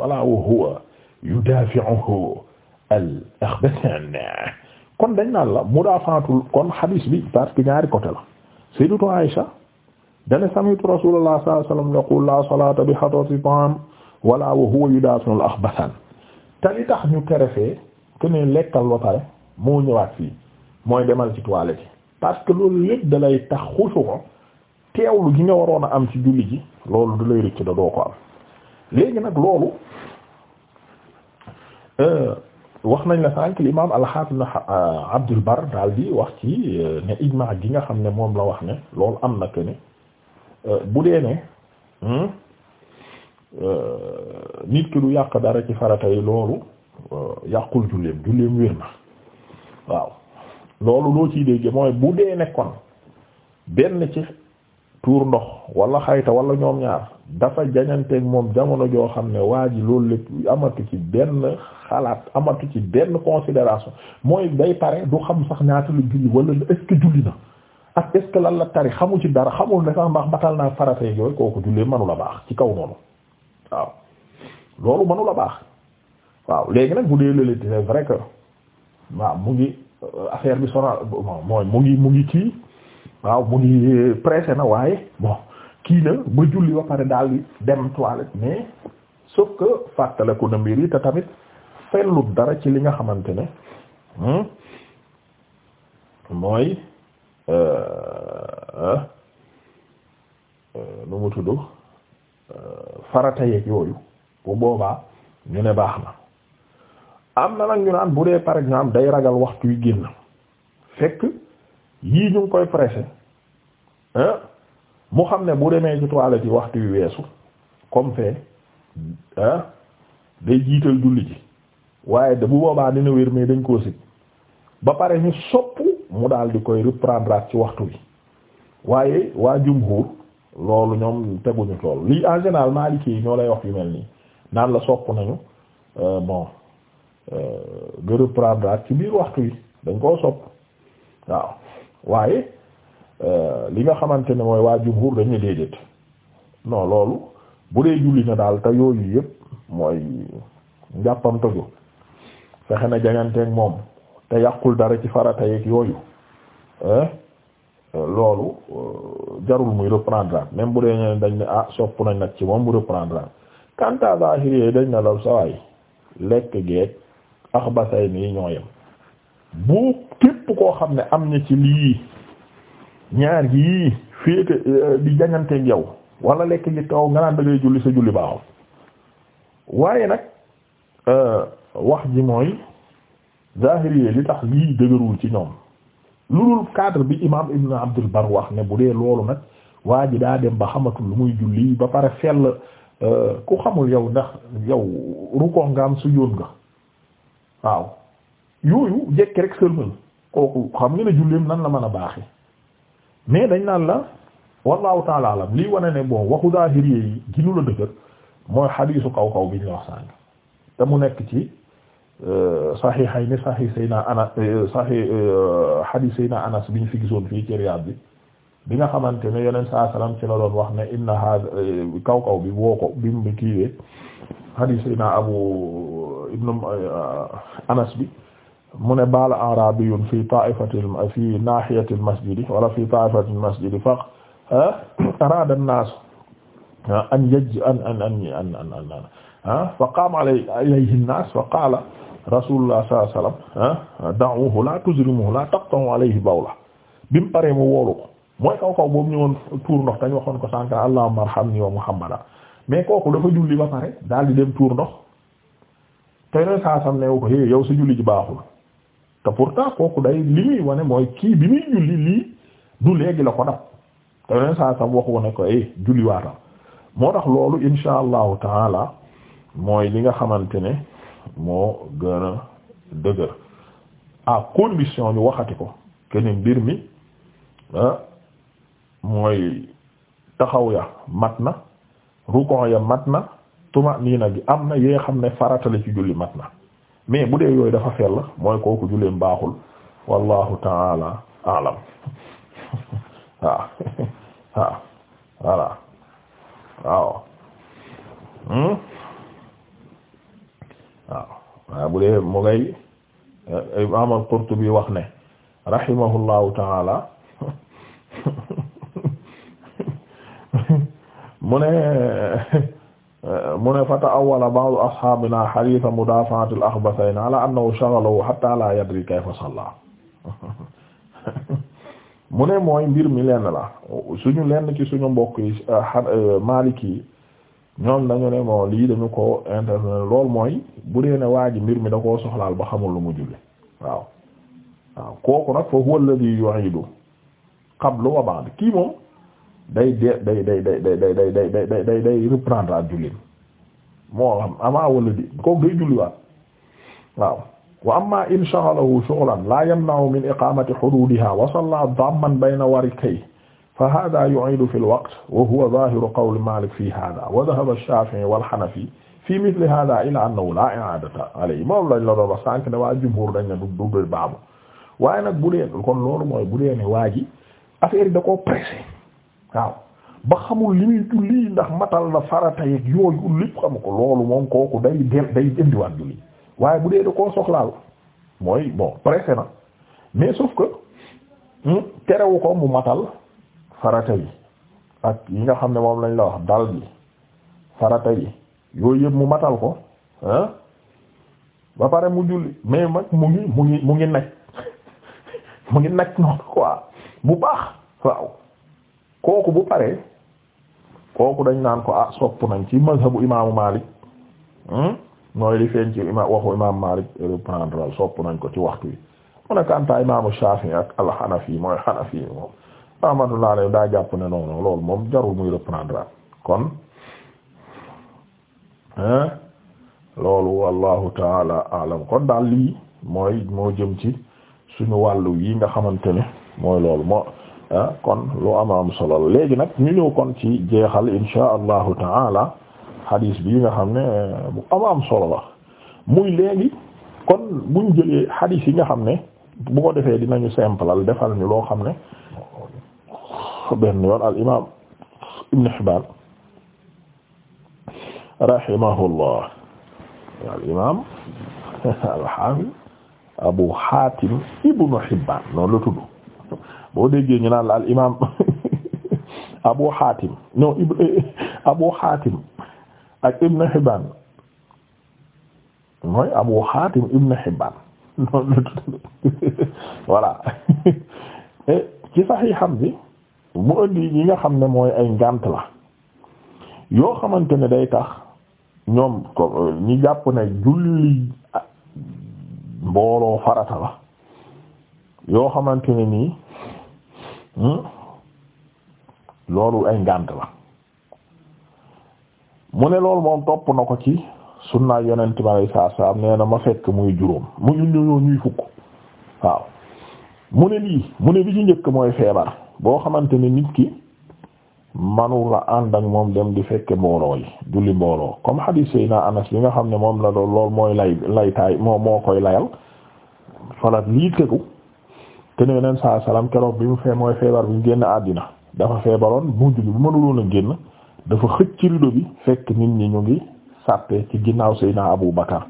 wala wa huwa yudafi'uhu al-akhbathan kon dañ naan la mudaafatul kon hadis bi parce que ñaari côté la sayyidatu Aïsha dane sami'tu rasulullah sallallahu alayhi wasallam yaqul la salata bi hadrati ta'am wa huwa yudafi'u al-akhbathan te li tax ñu terefee que ne lekkal ba moo ñëwaat fii mooy demal ci toilette parce que loolu lépp dalay tax xusu ko teewlu gi nga waroon a am ci julli ji loolu du lay rëcc da doo ko am léegi nag loolu euh, wax nañ la sànq l'imam al-Hafiz euh, Abdul Barr daal di wax ci euh, ne ijmaa gi nga xam ne moom la wax ne lool am na que ne bu dee ne hmm, nit ki du yàq dara ci farata loolu yàqul julleem julleem wér na waaw loolu loo ci dégg mooy bu dee ne benn ci tuur ndox walla xayta wala ñoom ñaar dafa jañanteeg moom jamono joo xam ne waa ji loolu lépp amatu ci benn xalaat amatu ci benn considération mooy day pare du xam sax ñaata lu julli wala est-ce julli na ak est-ce la tari xamu ci dara xamul ne sax ndax matal naa faratee yooyu kooku jullee mënu la baax ci kaw noonu waaw loolu mënu la baax waaw léegi nag bu dee lële c'est vrai que waaw mu ngi euh, affaire bi sonal mooy mu ngi mu ngi kii waaw mu ngi pressé na waaye bon kii na ba julli ba pare daal di dem toilette mais sauf que fàttaleku na mbir te tamit fellut dara ci li nga xamante ne hmm, mooy euh, euh, euh, nu mu tudd farata yeeg yooyu bu boobaa ñu ne baax na am na nag naan bu dee par exemple day ragal waxtu yu génn fekk yii ñu ngi koy pressé mu xam ne bu demee ci toilette yi waxtu yu weesu comme fee day jiital julli yi waaye da bu boobaa dina wér mais dañ koo sit ba pare ñu sopp mu daal di koy reprendre ci waxtu wi waaye waa jumhur loolu ñoom teguñu tool lii en général maliki yi ñoo lay wax yu mel nii naan la sopp nañu euh, bon euh, nga reprendre ci biir waxtu wi dañ koo sopp waaw waaye euh, li nga xamante ne mooy waa jumhur dañu déedéet non loolu bu dee julli na daal te yooyu yëpp mooy njàppam toju fexe na janganteeg moom te yàqul dara ci farata yeeg yooyu loolu euh, jarul muy reprendre même bu dee ñeneen dañ ne ah sopp nañ nag ci moom bu reprendre quant à zahiri dañ ne la sawaay lekk geeg axbasay nii ñoo yem bu képp képp koo xam ne am na ci lii ñaar yii féete euh, di jañanteeg yow wala lekk gi taw nga naan da ngay julli sa julli baaxul waaye nag euh, wax ji mooy zahiriye li tax lii dëgërul ci ñoom lu dul cadre bi imam ibn abdul bar wax ne bu dee loolu nag waa ji daa dem ba xamatul lu muy julli ba pare fell euh, ku xamul yow ndax yow rukkoo nga am su yoon nga waaw yooyu jekki rek sëlmal kooku xam nga ne julleem nan la man a baaxee mais dañ naan la wallahu taala alam lii wane ne bon waxu zaahir yi ginu la dëgër mooy xadiisu kaw kaw bi ñu wax sànq te mu nekk ci euh, saxiixayni saxiix sayna anas euh, saxiix euh, xadiis sayna anas bi ñu fi gisoon fii ci Riyaad bi bi nga xamante ne yeneen sa salaam ci la doon wax ne inna hada kaw kaw bi woo ko bi mu kiiwee xadiis sayna abu ibnu anas bi mu ne baal arabiyun fi ta'ifatil fi nahiyatil masjidi wala fi ta'ifatil masjidi fa arada an-nas fa qaama ilayhi an fa qaala rasulullah sallallahu alayhi wasallam la tuzrimuhu la taqta'u alayhi bawla bi mu paree mu woolu ko mooy kaw kaw boobu ñëwoon tuur ndox dañ waxoon ko sànq allahumma arhamni wa muhammada mais kooku dafa julli ba pare daal di dem tuur ndox te yooyu saa sam ne ko yow sa julli ji baaxul. te pourtant kooku day li muy wane mooy kii bi muy julli lii du léegi la ko dab te ren saa sam waxu ne ko eh julli waatam moo tax loolu insha allahu taala mooy li nga xamante ne moo gën a dëgër à condition ñu waxati ko kene mbir mi ah, mooy taxaw ya mat na rukon ya mat na tuma nii nag gi am na yee xam ne farata la ci julli mat na mais bu dee yooyu dafa fel mooy kooku julleem baaxul wallahu taala alam waaw waaw waaw hmm? waaw waaw bu dee mu ngay eh, imam al-Qurtubi wax ne rahimahullahu taala mu ne mu ne fata awala ba'd ashabina hadith mudafa'at al-akhbathayn ala annahu shaghalahu hatta la yadri kayfa mbir mi lenn la suñu lenn ci suñu mbokk yi yi ñoom dañu ne moo lii dañu ko internet lool mooy bu dee ne waa mbir mi da ko soxlaal ba xamul lu mu julli waaw waaw kooku nag fa huwa alladhi yu'idu qablu wa ba'd kii moom day de day day day day day day day day day day reprendre ak julli moo xam amaa wala di kooku day julliwaat waaw wa amma in shaghalahu shughlan la yamna'u min iqamati hududiha wa salla damman bayna warikay fa hada yu'idu fi al-waqt wa huwa dhahiru qawli Malik fi hada wa dhahaba ash-Shafi'i wal-Hanafi fi mithli hada ila annahu la i'adata alayhi moom lañ la doon wax sànq ne waa jumhur dañ ne du du baabu waaye nag bu dee kon loolu mooy bu dee ne waa ji affaire yi da koo pressé waaw ba xamul li muy julli ndax matal na farata yeeg yooyu lépp xamu ko loolu moom kooku day del day indiwaat julli waaye bu dee da koo soxlaal mooy bon pressé na mais sauf que hmm, terewu ko mu matal farata yi ak yi nga xam ne moom lañ la wax dal bi farata yi yooyu yëpp mu matal ko ah ba pare mu julli mais mag mu ngi mu ngi mu ngi nag mu ngi nag noonu quoi bu baax waaw kooku bu paree kooku dañ naan ko ah sopp nañ ci mazhabu imaamu Malik hmm? mooy li feeñ ci ima waxu imaamu Malik reprendre sopp nañ ko ci waxtu yi mu ne kanta imaamu Shafi'i ak al-Hanafi mooy Hanafi yi moom rahmatullah alayhi daa jàpp ne noonu loolu moom jarul muy reprendre kon loolu wallahu taala alam kon daal lii mooy moo jëm ci suñu wàllu yi nga xamante ne mooy loolu ah kon loo am am solo léegi nag ñu ñëw kon ci jeexal insha allahu taala hadis bi nga xam ne eh, bu am am solo la muy léegi kon buñ jëlee hadis yi nga xam ne bu ko defee dinañu simplal defal ni loo xam ne benn yoon al imaam Ibn Hibbaan rahimahullah al imaam al haafiz Abu Haatim Ibn Hibbaan noonu la tudd. boo déggee ñu naan la al imaam Abu Hatim non Abu Hatim ak Ibn Hibban mooy Abu Hatim Ibn Hibban noonu la tudd voilà ci saxiixam bi mu indi yi nga xam ne mooy ay ngànt la yoo xamante ne day tax ñoom ko ñi jàpp ne julli mbooloo farata la yoo xamante ne nii Hmm? loolu ay ngànt la mu ne lool moom topp na ko ci sunna yonent ma lay saa saa nee na ma fekk muy juróom mu ñu ñoo ñuy fukk waaw mu ne lii mu ne bi ci njëkk mooy feebar boo xamante ne nit ki manu la ànd ak moom dem di fekke mbooloo yi julli mbooloo comme hadith Seydina Anas yi nga xam ne moom la doon lool mooy lay laytaay moo moo koy layal falat lii tegu ne yeneen saa salaam keroog bi mu fee mooy feebar bi mu génn àddina dafa feebaroon mujj bi bu mënuloon a génn dafa xëcc rido bi fekk nit ñi ñu ngi sàppe ci ginnaaw Seydina Abu Bakar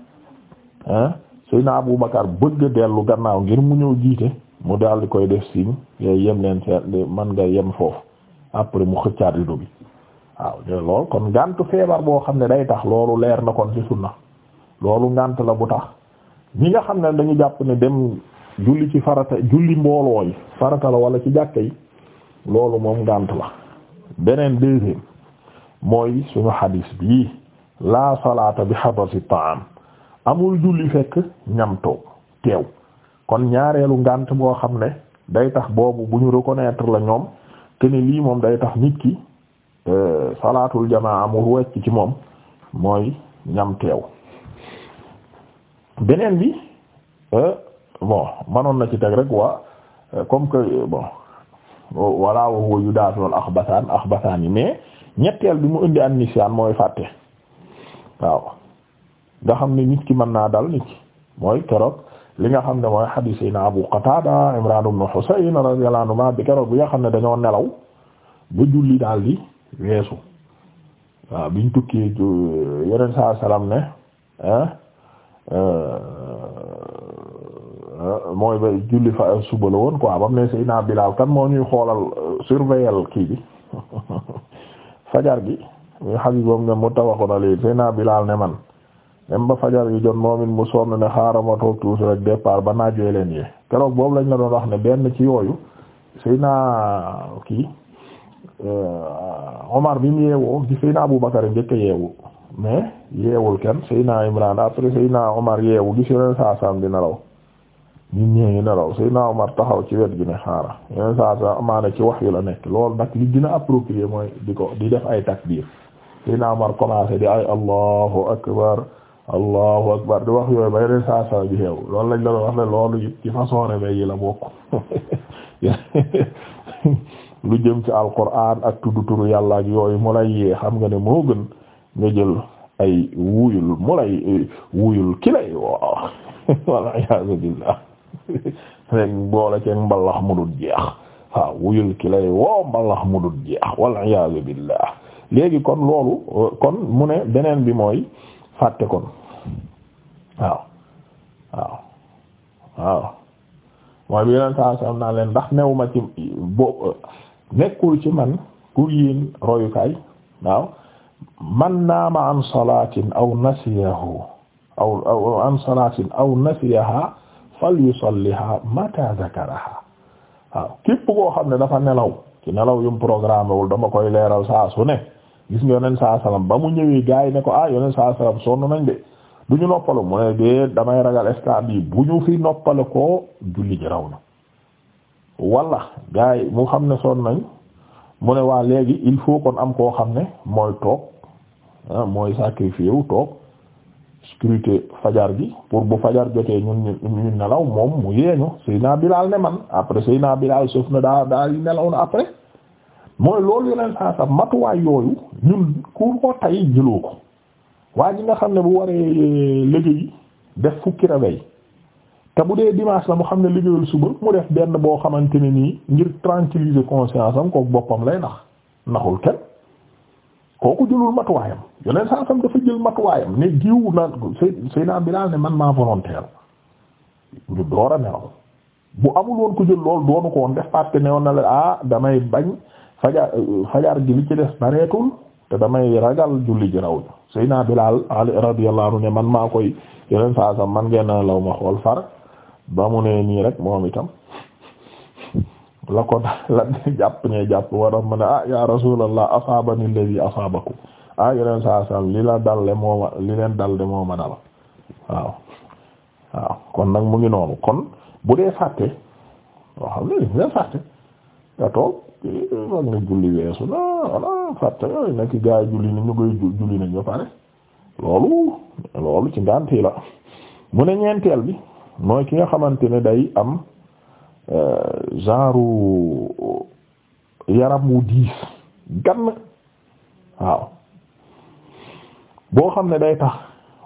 ah Seydina Abu Bakar bëgg dellu gannaaw ngir mu ñëw jiite mu daal di koy def signe ngay yem leen seet man nga yem foofu après mu xëccaat rido bi waaw loolu kon ngànt feebar boo xam ne day tax loolu leer na kon ci sunna loolu ngànt la bu tax ñi nga xam ne dañu jàpp ne dem julli ci farata julli mbooloo yi farata la wala ci jàkka yi loolu moom ngànt la beneen deuxième mooy suñu xadiis bii laa salaata bi xabasi taam amul julli fekk ñam toog teew kon ñaareelu ngànt boo xam ne day tax boobu bu ñu reconnaître la ñoom que lii moom day tax nit ki euh, salaatul jamaa amul wecc ci moom mooy ñam teew beneen bi euh, bon manoon na ci teg rek waa comme que bon walla wa huwa yudaafi al axbasaan axbasaan yi mais ñetteel bi mu indi an nisyaan mooy fàtte waaw nga xam ne nit ki mën naa dal nit mooy keroog li nga xam ne mooy xadiis yi na Abu Qataada Imraan ibn Husayn radiyallahu bi keroog bi nga xam ne dañoo nelaw ba julli daal di weesu waaw biñ tukki yeneen saa salaam ne euh, Euh, mooy ba julli fa suba la woon quoi ba mu ne Seydina Bilaal kan moo ñuy xoolal euh, surveiller kii bi fajar gi muy xadis boobu ne muttafaqun alayhi Seydina Bilaal ne man dem ba fajar gi jot moom it mu sonn ne xaaral ma toog tuuti rek départ ba naajoo leen yee keroog boobu lañ la doon wax ne benn ci yooyu Seydina kii euh, Omar bi mu yeewoo ci Seydina Abu Bakar njëkk a yeewu mais yeewul kenn Seydina Imraan après Seydina Omar yeewu gis nga saa saam di nelaw. ñun ñee ngi nelaw Seydina Omar taxaw ci wet gi ne ci wax yu la nekk loolu nag li dina approprié mooy di ko di def ay takbir Seydina Omar commencé di ay allahu akbar allahu akbar di wax yooyu ba yeneen saa bi xew loolu lañ la doon wax ne loolu it ci façon réveil yi la bokk lu jëm ci alquran ak tuddu turu yàlla ak yooyu mu lay yee xam nga ne moo gën nga jël ay wuyul mu lay wuyul ki lay woo wal iyaazu billah rek boole ceeg mbalax mu dul jeex waaw wuyul ki lay woo mbalax mu dul jeex wal iyaazu kon loolu kon mu ne beneen bi mooy fàtte kon waaw waaw waaw mooy bi yeneen saa sam naa leen ndax newuma ci bo nekkul ci man pour yéen royukaay waaw man naama an salaatin aw nasiyahu aw aw an salaatin aw nasiyaha fal yusalliha mata zakaraha waaw képp koo xam ne dafa nelaw ki nelaw yum programme dama koy leeral saa su ne gis nga yoneen saa salaam ba mu ñëwee gars yi ne ko ah yoneen saa salaam sonn nañ de du ñu noppalu mu ne de damay ragal stade bi bu ñu fi noppale koo julli ji raw na wala gars mu xam ne sonn nañ mu ne waa léegi il faut kon am koo xam ne mooy toog ah, mooy sacrifice wu toog scruté fajar gi pour bu fajar jotee ñun ñu nelaw moom mu yeeñu bi Bilaal ne man après Seydina Bilaal suuf na daa daa nelaw na après mooy loolu yeneen saa sa matuwaay yooyu ñun ku ko tey jëloo ko waa ji nga xam ne bu waree liggéey def fukki réveil te bu dee dimanche la mu xam ne liggéeyul suba mu def benn boo xamante ne nii ngir tranquilliser conscience am ko boppam lay nax naxul kenn kooku jëlul matuwaayam yeneen saa sam dafa jël matuwaayam ne diw na Seydina Bilaal ne man maa volontaire ñu door a nelaw bu amul woon ku jël lool doonu ko def parce que ne woon na la ah damay bañ fajar fajar gi li ci des bareetul te damay ragal julli ji raw Seydina Bilaal radiyallahu anhu ne man maa koy yeneen saa sam man ngeen nelaw ma xool far ba mu ne nii rek moom itam la ko la jàpp ñee jàpp war a mën ah ya rasulallah asaabani alladhi asaabakum ah yeneen saa saam li la dal de moo ma li leen dal de moo ma waaw waaw kon nag mu ngi noonu kon bu dee fàtte yoo xam ne bu nga toog mag na julli weesu na fàtte yooyu nekk gaa yi julli ni ñu koy julli nañ ba pare loolu loolu ci ngànti la mu ne ñeenteel bi mooy ki nga xamante ne day am Euh, genre euh, yaram wu diis gann waaw boo xam ne day tax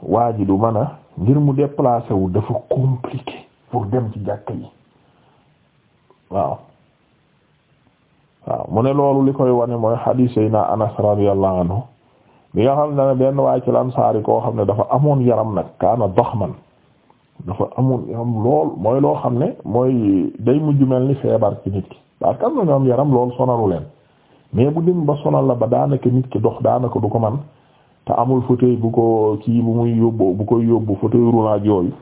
waa ji du mën a ngir mu déplacer wu dafa compliqué pour dem ci jàkk yi waaw waaw mu ne loolu li koy wane mooy hadith yi naa Anas radiyallahu anhu bi nga xam ne benn waay ci Ansaari koo xam ne dafa amoon yaram nag kaana daxman dafa amul am lool mooy loo xam ne mooy day mujj mel ni feebar ci nit ki parce am na ñoom yaram lool sonalu leen mais bu dem ba sonal la ba daanaka nit ki dox daanaka du ko man te amul fauteuil bu ko kii bu muy yóbbu bu koy yóbbu fauteuil roulant yooyu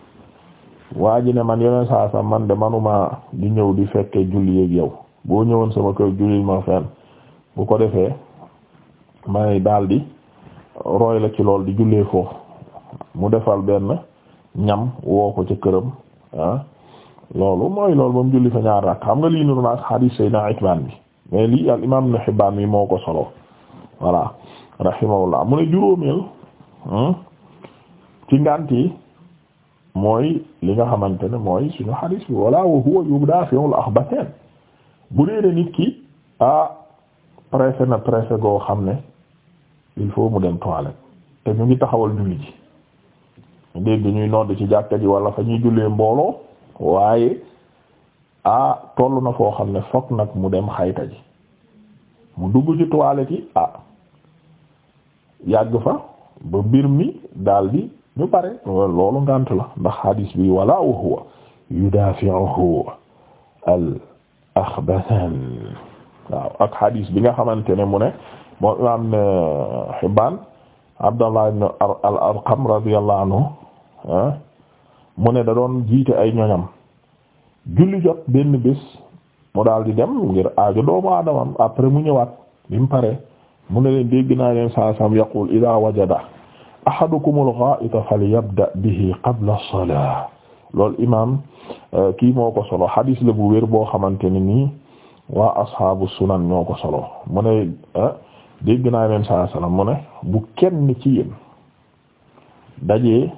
waa ji ne man yeneen saa man de manuma di ñëw di fekke julli yeeg yow boo ñëwoon sama kër julli ma fenn bu ko defee may daldi roy la ci lool di jullee foofu mu defal benn ñam woo ko ca këram ah. loolu mooy loolu ba mu julli fa ñaar rakk xam nga lii nuru na hadith sayna Itbaan bi mais lii al imaam Ibn Hibbaan bi moo ko solo voilà rahimahullah mu ne juróomeel hmm, ci ngànt yi mooy li nga xamante ne mooy suñu hadith bi wala wa huwa yudaafi'ul akhbateen bu dee nit ki ah pressé na pressé goo xam ne il faut mu dem toilette te ñu ngi taxawal julli ji. dégg ñuy nodd ci jàkka ji wala fa ñuy jullee mboolo waaye ah toll na foo xam ne fokk nag mu dem xayta ji mu dugg ci toilette yi ah yàgg fa ba mbir mi daldi ñu pare loolu ngànt la ndax hadis bi wala wa huwa yudafi'uhu al akhbathan waaw ak hadis bi nga xamante ne mu ne moo am Hibbaan Abdallah ibn al Arqam radiyallahu anhu mu ne da doon jiite ay ñoñam julli jot benn bés mu daal di dem ngir aajo doomu aadamam après mu ñëwaat bi mu pare mu ne leen dégg naa leen saa sam yaqul ida wajada ahadukumul ghaa'ita falyabda bihi qabla as-salaa imaam euh, kii moo ko solo hadis la bu wér boo xamante ne nii waa ashaabu sunan ñoo ko solo mu ne euh, dégg naa leen saa salaam mu ne bu kenn ci yéen dajee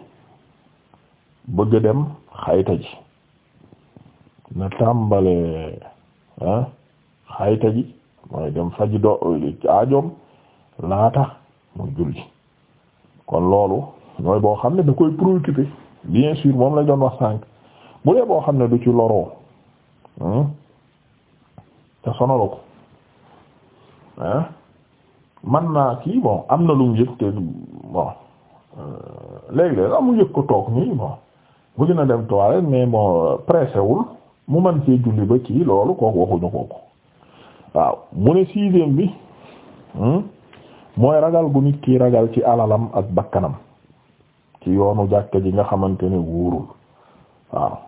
bëgg dem xayta ji na tàmbale ah xayta ji mooy dem faji do ajoom laata mu julli kon loolu mooy boo xam ne da koy préoccupé bien moom la doon wax sànq bu dee boo xam ne du ci ko ah man naa kii bon am na lu mu te bon euh, léegi-léeg amu yëg ko toog nii bon bëgg na dem toilette mais moo pressé wul mu man cee julli ba ci loolu kooku waxuñu kooku waaw mu ne sixième bi hmm, mooy ragal gu nit ki ragal ci alalam ak bakkanam ci yoonu jàkka ji nga xamante ne wuurul waaw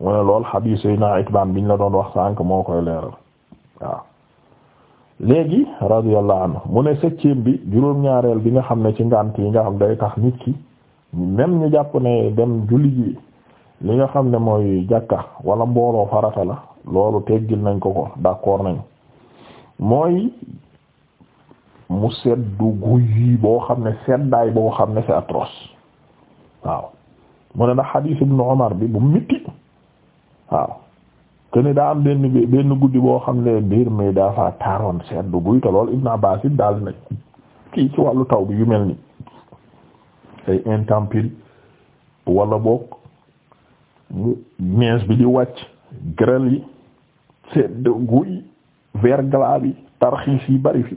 mu ne lool xadiis yi naa itbaan biñ la doon wax sànk moo koy leeral waaw léegi radiyallahu anhu mu ne septième bi juróom-ñaareel bi nga xam ne ci ngànt yi nga xam day tax nit ki même ñu jàpp ne dem julli ji li nga xam ne mooy jàkka wala mbooloo farata la loolu teggil nañ ko ko d'accord nañ mooy mu seddu guy boo xam ne seddaay boo xam ne c'est atroce waaw mu ne na hadith ibn Umar bi bu mitti waaw kene daa am benn benn guddi boo xam ne biir mi daa fa taaroon seddu guy te loolu Ibn Abbas it daal na kii ci wàllu taw bi yu mel ni ay intempéries wala boog neige bi di wàcc grêle yi sedd guy verglas bi tarxiis yi bari fi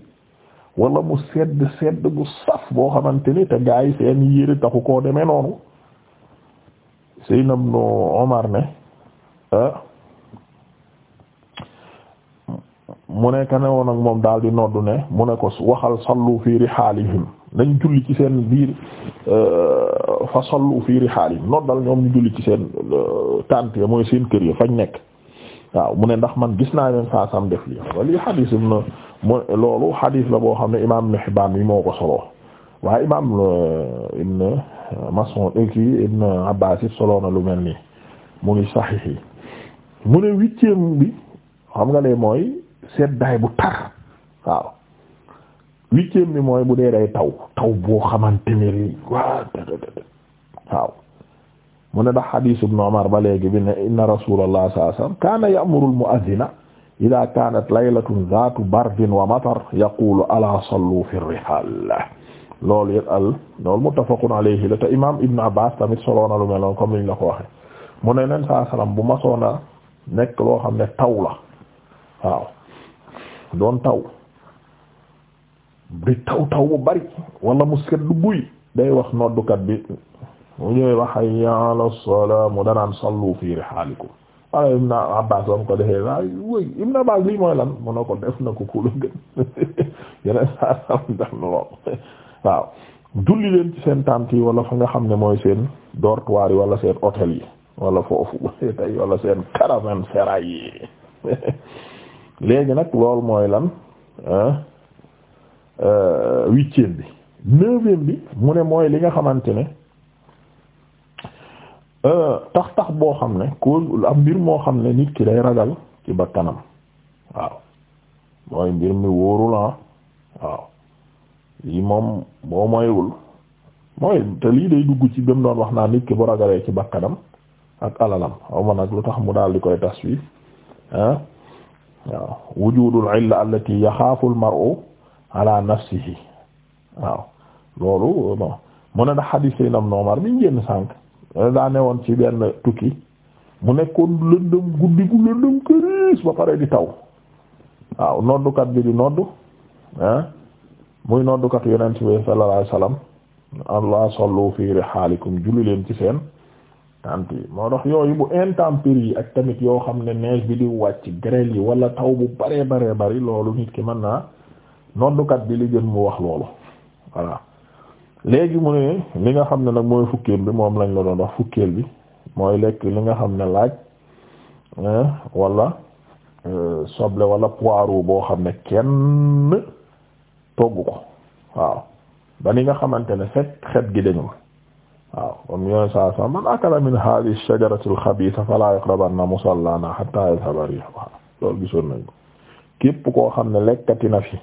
wala mu sedd sedd bu saf boo xamante ni te gaa yi seen yére taxu koo demee noonu Seydina Ibn Omar ne ah, mu ne ka ne woon ak moom daal di noddu ne mu ne ko waxal sallu fi rihalihim nañ julli ci seen biir euh, fa sallu fi rihaalihim noddal ñoom ñu julli ci seen euh, tànt ya mooy seen kër ya fañ nekk waaw mu ne ndax man gis naa leen saa sam def lii wala lii loolu xadis la boo xam ne imaam Ibn Hibbaan bi moo ko solo waaye imaam euh, Ibn lu mel nii mu ngi saxiix yi mu ne huitième bi xam nga ne mooy seddaay bu tar waaw. huitième bi mooy bu dee day taw taw boo xamante ne lii waaw waaw mu ne ndax hadith ibn Umar ba léegi bi ne inna rasulallah sallallahu alayhi wasallam kaana ya'muru al-mu'adhdhina idaa kaanat laylatun zaatu bardin wa matar yaqulu alaa sallu fi rihaal loolu yëpp al loolu muttafaqun alayhi la te imaam Ibn Abbas tamit solo na lu mel noonu comme ni ko waxee mu ne leen saa salaam bu ma soona nekk loo xam ne taw la waaw taw. di taw taw bu bari wala mu seddu buy day wax noddukat bi mu ñëwee wax hayya ala salaa danaan sallu fi rihaalikum wala Ibn Abbas ba ko lii mooy lan mu ne ko def na ko kula gën yeneen saa sam def lool waaw julli leen ci seen tànt yi wala fa nga xam ne mooy seen dortoir yi wala seen hôtel yi wala foofu tey wala seen caravansérail yi léegi nag loolu mooy lan Euh, huitième bi neuvième bi mu ne mooy li nga xamante ne euh, tax tax boo xam ne cause am mbir moo xam ne nit ki day ragal ci bakkanam waaw mooy mbir mi wóorul ah. waaw lii moom boo moywul mooy te lii day dugg ci bam doon wax naa nit ki bu ragalee ci bakkanam ak alalam xaw ma nag lu tax mu daal di koy taswif ah waaw wujudul illa allati yaxaafu al mar'u ala nafsihi waaw loolu bon mu ne da xadiis yi nam noomar mi ngénn sànq daa woon ci benn tukki mu nekkoon lëndëm guddi gu lëndëm këriis ba pare di taw waaw noddukat bi di noddu ah muy noddukat yonent bi sallallahu alayhi wasallam allah leen ci seen tant yooyu bu intempéries yi ak tamit yoo xam ne neige bi di wàcc grêle yi wala taw bu bare bare bari loolu nit ki mën naa noddukat bi li gën mu wax loolu voilà léegi mu ne li nga xam ne nag mooy fukkeel bi moom lañ la doon wax fukkeel bi mooy lekk li nga xam ne laaj wala euh, soble wala poireau boo xam ne kenn togg ko waaw ba ni nga xamante ne fekk xet gi dañu waaw kon yooyu saa saa man akala min hadhihi ash-shajarati al-khabitha fala yaqrabanna musallana hatta yadhhaba rihuha loolu gisoon nañ ko képp koo xam ne lekkati na fi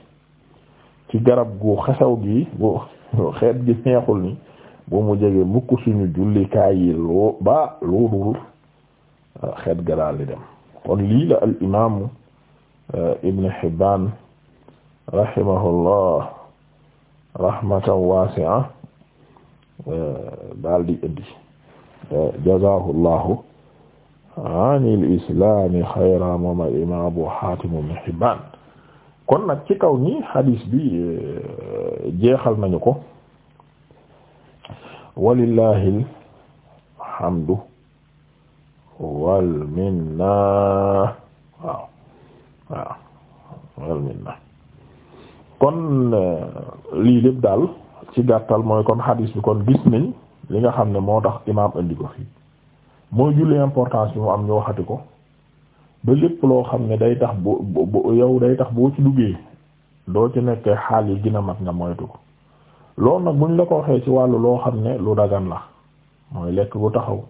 ci garab gu xesaw gi bu xeet gi neexul ni bu mu jege mukk suñu jullikaay yi loo ba loo dul ah, ga daal dem kon lii al imaamu eh, Ibn Hibbaan rahimahullah rahmatan waasi'a eh, daal di indi eh, jazaahu llahu anil islaami xayran Abu Haatim ibn Hibbaan kon nag ci kaw nii hadis bi euh, jeexal nañu ko walillahil hamdu wal waaw waaw kon euh, lii lépp daal ci gàttal mooy kon hadis bi kon gis nañ li nga xam ne moo tax imaam indi ko fii mooy julli importance bi mu am ñu waxati ko ba lépp loo xam ne day tax bu bu yow day tax boo ci duggee doo ci nekkee xaal yi gina mat nga moytu ko loolu nag buñ la ko waxee ci wàllu loo xam ne lu dagan la mooy lekk bu taxaw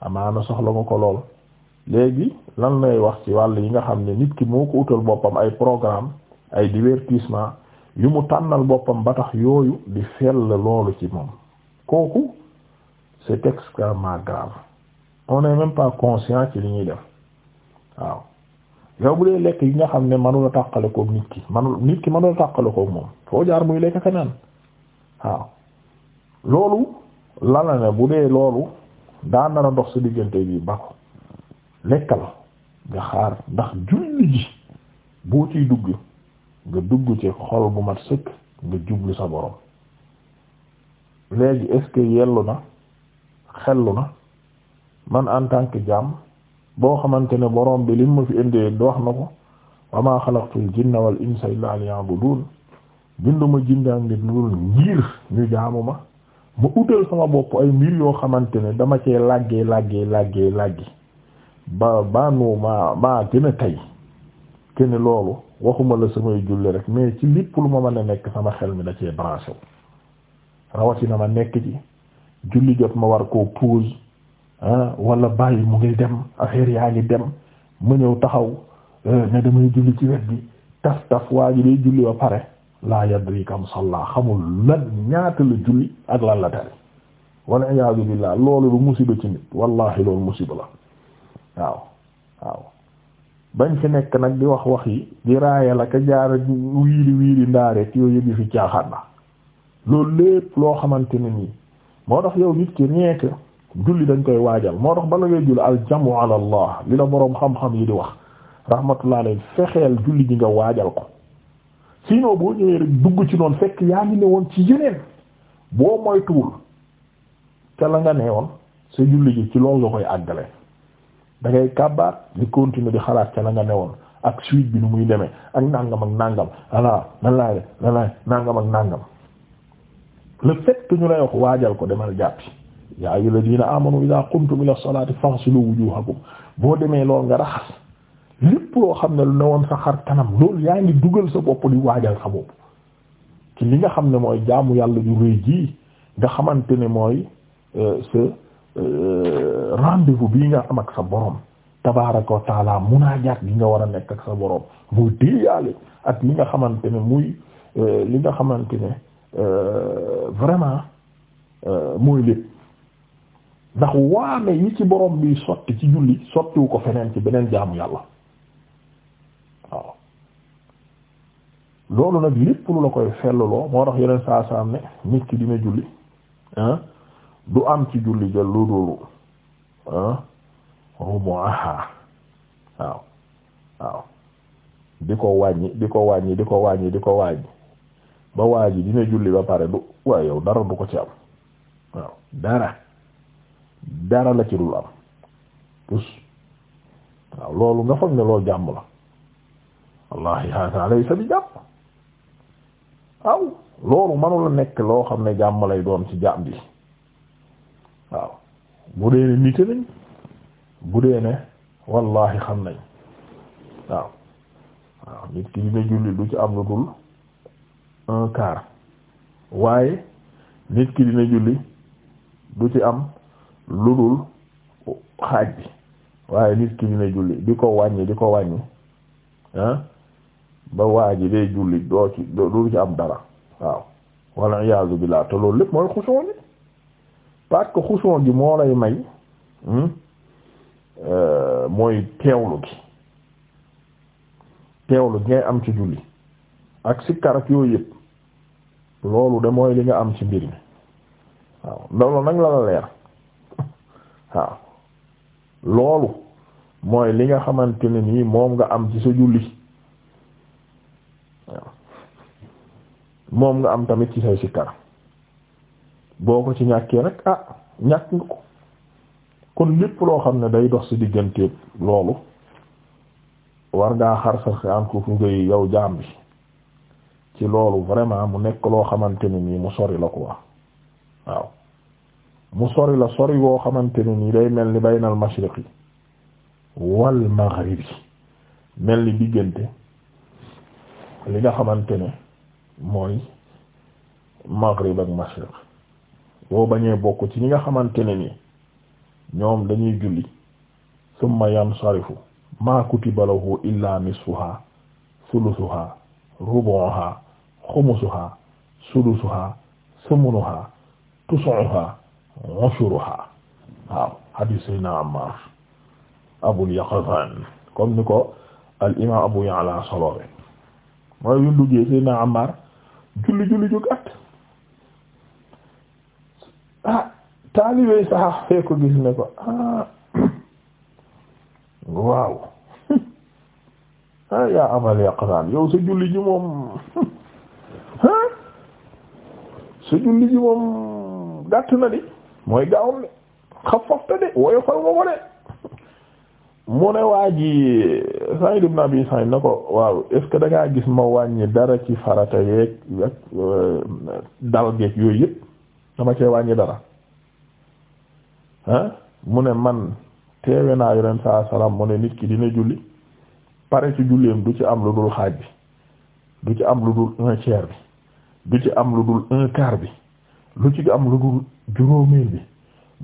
amaana soxla nga ko lool léegi lan lay wax ci wàll yi nga xam ne nit ki moo ko utal boppam ay programme ay divertissement yu mu tànnal boppam ba tax yooyu di fell loolu ci moom kooku c'est extrêmement grave on n'est même pas conscient ci li ñuy def waaw yow bu dee lekk yi nga xam ne manula tàqale koog nit ki manul nit ki manula tàqale koog moom foo jaar muy lekk ka naan waaw loolu la la ne bu dee loolu daa nar a dox sa diggante bi ba ko lekkal nga xaar ndax julli ji boo ciy dugg nga dugg ci xol bu mat sëkk nga jublu sa borom léegi est-ce que yellu na xellu na man en tant que jàmm boo xamante ne borom bi lim ma fi indee wax na ko wa maa xalaqtul jinna wal insa illaa liya'buduun binduma jinne ak nit loolu ngir ñu jaamu ma ma utal sama bopp ay mbir yoo xamante ne dama cee làggee làggee làggee làggi ba baanu maa maa gën a tay kene loolu waxuma la samay julli rek mais ci lépp lu ma mën a nekk sama xel mi da cee branché wu rawatina ma nekk ci julli jot ma war koo pause Ah, walla bàyyi mu ngi dem affaire yaa ngi dem ma ñëw taxaw eh, ne damay julli ci wet bi taf taf waa ji day julli ba pare laa yadri kam salla xamul lan ñaata la julli ak lan la tere wala iyaadu loolu lu musiba ci nit wallahi loolu musiba la waaw waaw bañ fi nekk nag di wax wax yi di raaya la ka jaar wiiri wiiri ndaareek yooyu yëpp fi caaxaan na loolu lépp loo xamante ne nii moo tax yow nit ki nekk julli dañ koy waajal moo tax bala ngay julli aljamu ala allah li la boroom xam-xam yi di wax rahmatullah alayhi fexeel julli ji nga waajal ko sinon boo ñëwee dugg ci noonu fekk yaa ngi ne woon ci yeneen boo moytuwul ca la nga ne woon sa julli ji ci loolu nga koy àggale da ngay kàbbaat di continuer di xalaat ca la nga ne woon ak suite bi nu muy demee ak nàngam ak nàngam ala nan laay nan nàngam ak nàngam le fait ñu lay wax waajal ko demal jàppi yaa ayyuha alladina amanu ida qumtum ila salati faghsilu wujuhakum boo demee lool nga raxas lépp loo xam ne lu ne woon sa xar kanam loolu yaa ngi dugal sa bopp di waajal sa bopp ci li nga xam ne mooy jaamu yàlla ju rëy ji nga xamante ne mooy euh, sa euh, rendez nga am ak sa borom tabaraka wa taala munaajaat gi nga war a nekk ak sa borom muy déeyaale ak li nga xamante ne muy euh, li nga xamante ne vraiment mooy lépp ndax waame yi ci borom bi sotti ci julli sottiwu ko feneen ci beneen jaamu yàlla waaw loolu nag lépp lu la koy felluloo moo tax yeneen saa saa am ne nit ki dina julli du am ci julli ja lu dul ah waaw waaw di ko wàññi di ko wàññi di ko wàññi di ko wàññi ba waa ji dina julli ba pare du waaye yow dara du ko ci am waaw dara dara la ci dul am tus waaw loolu nga foog ne loolu jàmm la wallahi hada laysa bi jàmm aw loolu manula nekk loo xam ne jàmm lay doon ci jàmm bi waaw bu dee ne nite nañ bu dee ne wallahi xam nañ waaw waaw nit ki dina julli du ci am lu dul un waaye nit ki dina julli du ci am lu dul xaaj bi waaye nit ki dina julli di ko wàññi di ko wàññi ah ba waa ji day julli doo ci doo ci am dara waaw walla iyaazu billaah te loolu lépp mooy xusoon bi parce que gi moo lay may hmm, euh, mooy teewlu gi teewlu gi ngay am ci julli ak sikkar ak yooyu yëpp loolu de mooy li nga am ci mbir mi waaw loolu nag la la leer waaw loolu mooy li nga xamante ne nii moom nga am ci sa julli waaw moom nga am tamit ci say sikkar boo ko ci ñàkkee rek ah, ñàkk nga ko kon lépp loo xam ne day dox ci digganteeb loolu war ngaa xar sa am ko ngay yow jaam bi ci loolu vraiment mu nekk loo xamante ne mu sori la ko wax waaw mu sori la sori woo xamante ni nii day mel ni baynal mashriqi wal maghribi mel ni diggante li nga xamante ne mooy maghrib ak mashriq boo bañee bokk ci li nga xamante ne nii ñoom dañuy julli summa yansarifu ma kutiba lahu illa nisfuha sulusuha rubuha xumusuha sulusuha sumunuha tusuha ushuruha waaw hadis sayna Ammar Abul Yaqzan comme ni ko al imaam Abu Ya'la solowee mooy yu duggee sayna Ammar julli julli ju gàtt ah, taalibee sax fee ko gis ne ko ah, waaw ah yaa Abul Yaqzan yow sa julli ji moom ah sa julli ji moom gàtt na di mooy gaawul ne xafafta de woyofal nga ko de mu ne waa ji Sa'id ibn Abi Sa'id na ko waaw est-ce gis ma wàññi dara ci farata yeeg euh, ak yooyu yëpp dama cee wàññi dara ah mu ne man teewe naa yoneen saa salaam mu ne nit ki dina julli pare ci julleem du ci am lu dul xaaj bi du ci am lu dul un tiers bi du ci am lu dul un quart bi lu ci am lu dul juróomeel bi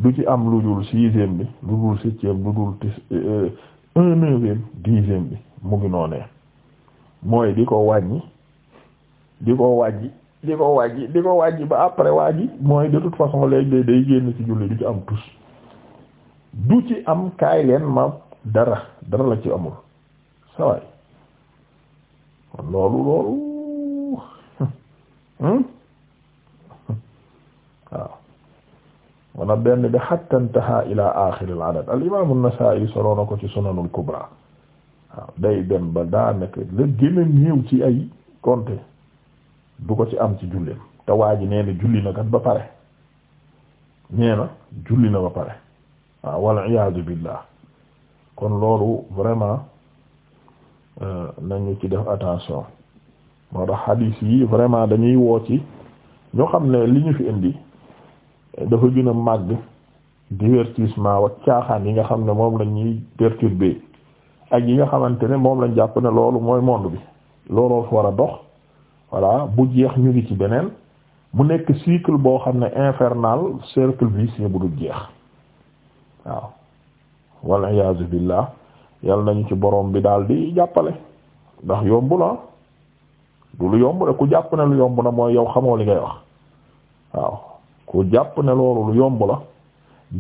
du ci am lu dul sixième bi lu dul septième lu dul tis euh, euh, un neuvième dixième bi mu ngi noonee mooy di ko wàññi di ko wàññi di ko wàññi di ko wàññi ba après wàññi mooy de toute façon léegi day génn ci julli du ci am tus du ci am kaay leen ma dara dara la ci amul sawaay loolu loolu hmm? waaw wala benn bi hatta intaha ila axir al al imam an-Nasa'i soloo na ko ci sunanul kubra waaw day dem ba daanaka la gën a ci ay compte du ko ci am ci julleem te waa ji nee na julli na kat ba pare nee na julli na ba pare waaw wal iyaadu billah kon loolu vraiment euh, nañu ci def attention moo tax hadith yi vraiment dañuy woo ci ñoo xam ne li ñu fi indi dafa gën a màgg divertissement wa caaxaan yi nga xam ne moom lañ ñuy perturbé ak yi nga xamante ne moom lañ jàpp ne loolu mooy monde bi looloo fi war a dox voilà bu jeex ñu ngi ci beneen mu nekk cycle boo xam ne infernal cercle vicieux bu dul jeex waaw wal iyaazu billah yal nañu ci borom bi daal di jàppale ndax yomb la du lu yomb la ku jàpp ne lu yomb na mooy yow xamoo li ngay wax waaw ku jàpp ne loolu lu yomb la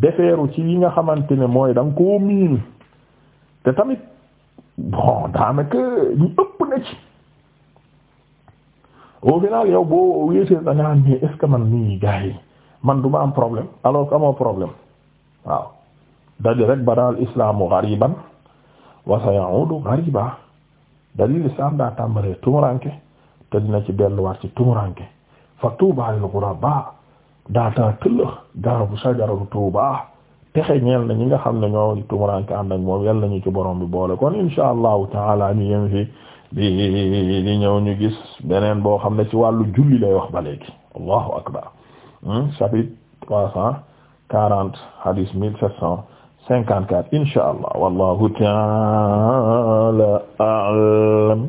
defeeru ci yi nga xamante ne mooy da nga koo miin te tamit bon daanaka ñu ëpp na ci au final yow boo weesee da nga am ni est man nii gars yi man du ma am problème alors que amoo problème waaw dali rek badaal islaamu ghariban wa sayaudu ghariba dalil islam daa tàmbalee tumuranke te dina ci delluwaat ci tumuranke fa tuuba lil ghuraba daataa tëllëx garabu sajaratu tuuba texe ñeel na ñi nga xam ne ñoo tumuranke ànd ak moom yàlla nañu ci borom bi boole kon insha allahu taala ñu yem fi li di ñëw ñu gis beneen boo xam ne ci wàllu julli lay wax ba léegi allahu akbar hmm? chapitre trois cent quarante hadith mille sept cent cinquante quatre insha allah wallahu taala a'lam